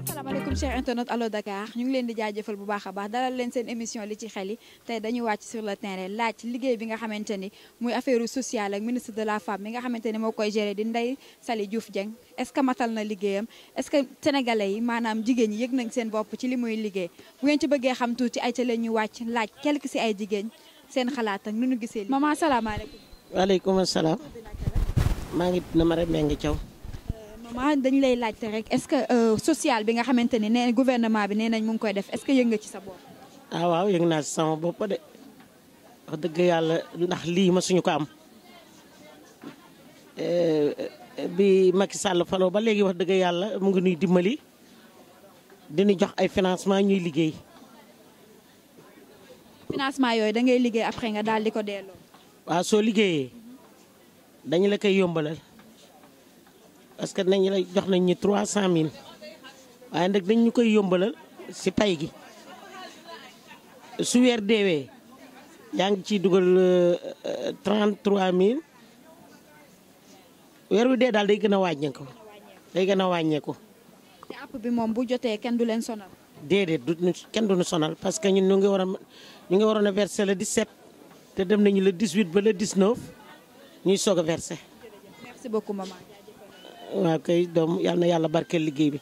asalaamaaleykum chers internautes Allo Dakar ñu ngi leen di jaajëfal bu baax a baax dalal leen seen émission li ci xel yi te dañuy wàcc sur le terrain laaj liggéey bi nga xamante ni muy affaire sociale ak ministre de la femme bi nga xamante ni moo koy gérer di Ndeye Saly Diouf Dieng est-ce que matal na liggéeyam est-ce que sénégalais yi maanaam jigéen ñi yëg nañ seen bopp ci li muy liggéey bu ngeen ci bëggee xam tuuti ay ca la ñuy wàcc laaj quelque si ay jigéen seen xalaat ak nu gisee. maman salaamaaleykum. waaleykum salaam. maa ngi ngi caw. maman dañu lay laajte rek est-ce que euh, social bi nga xamante ni nee gouvernement bi nee nañ mu ngi koy def est-ce yëg nga ci sa bopp. Ah, waaw yëg naa si sama bopp de wax dëgg yàlla ndax lii ma suñu ko am eh, eh, bi Macky Sall faloo ba léegi wax dëgg yàlla mu ngi nuy dimbali dina jox ay financement ñuy liggéey. financement yooyu da ngay liggéey après nga daal di ko delloo. waaw soo liggéeyee dañu la koy yombalal. parce que nañ la jox nañ ni 300000 waye nak dañ ñu yombalal ci pay gi su wer dewe yaa ngi ciy dugal euh, euh, trente trois mille weer wi dee daal day gëna a ko day gëna a ko ci app bi mom bu joté kenn du len sonal. dédé du kenn du ñu sonal parce que ñun ñu ngi wara ñu ngi waroon a verser le 17 te dem nañu le 18 ba le 19 ñuy soga verser. merci beaucoup maman. waaw kay doom yal na yàlla barkeel liggéey bi